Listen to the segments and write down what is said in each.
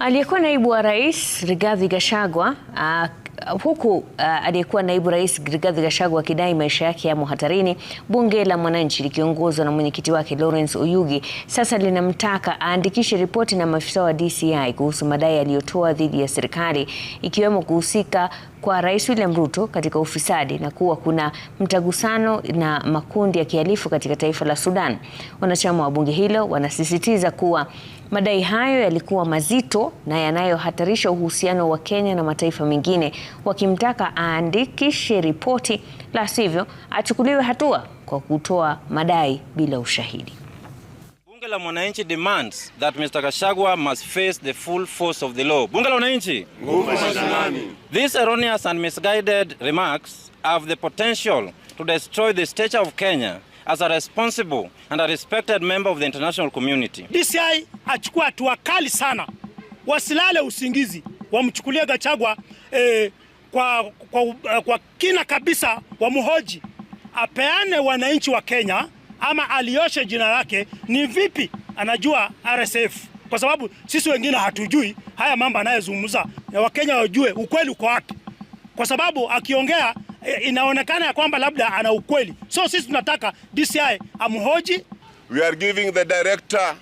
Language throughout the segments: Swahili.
Aliyekuwa naibu wa rais Rigathi Gachagua uh, huku uh, aliyekuwa naibu rais Rigathi Gachagua akidai maisha yake yamo hatarini, bunge la mwananchi likiongozwa na mwenyekiti wake Lawrence Oyugi sasa linamtaka aandikishe ripoti na maafisa wa DCI kuhusu madai aliyotoa dhidi ya serikali ikiwemo kuhusika kwa Rais William Ruto katika ufisadi na kuwa kuna mtagusano na makundi ya kihalifu katika taifa la Sudan. Wanachama wa bunge hilo wanasisitiza kuwa Madai hayo yalikuwa mazito na yanayohatarisha uhusiano wa Kenya na mataifa mengine, wakimtaka aandikishe ripoti, la sivyo achukuliwe hatua kwa kutoa madai bila ushahidi. Bunge la Mwananchi demands that Mr. Gachagua must face the full force of the law. Bunge la Mwananchi. These erroneous and misguided remarks have the potential to destroy the stature of Kenya as a responsible and a respected member of the international community. DCI achukua hatua kali sana, wasilale usingizi, wamchukulie Gachagua eh, kwa, kwa, e, kwa kina kabisa, wamhoji apeane wananchi wa Kenya ama alioshe jina lake, ni vipi anajua RSF, kwa sababu sisi wengine hatujui haya mambo anayezungumza, na Wakenya wajue ukweli uko wapi, kwa sababu akiongea Eh, inaonekana ya kwamba labda ana ukweli, so sisi tunataka DCI amhoji. We are giving the director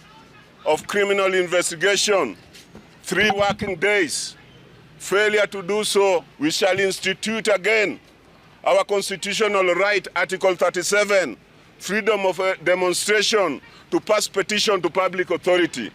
of criminal investigation three working days. Failure to do so, we shall institute again our constitutional right, Article 37, freedom of eh, demonstration to pass petition to public authority.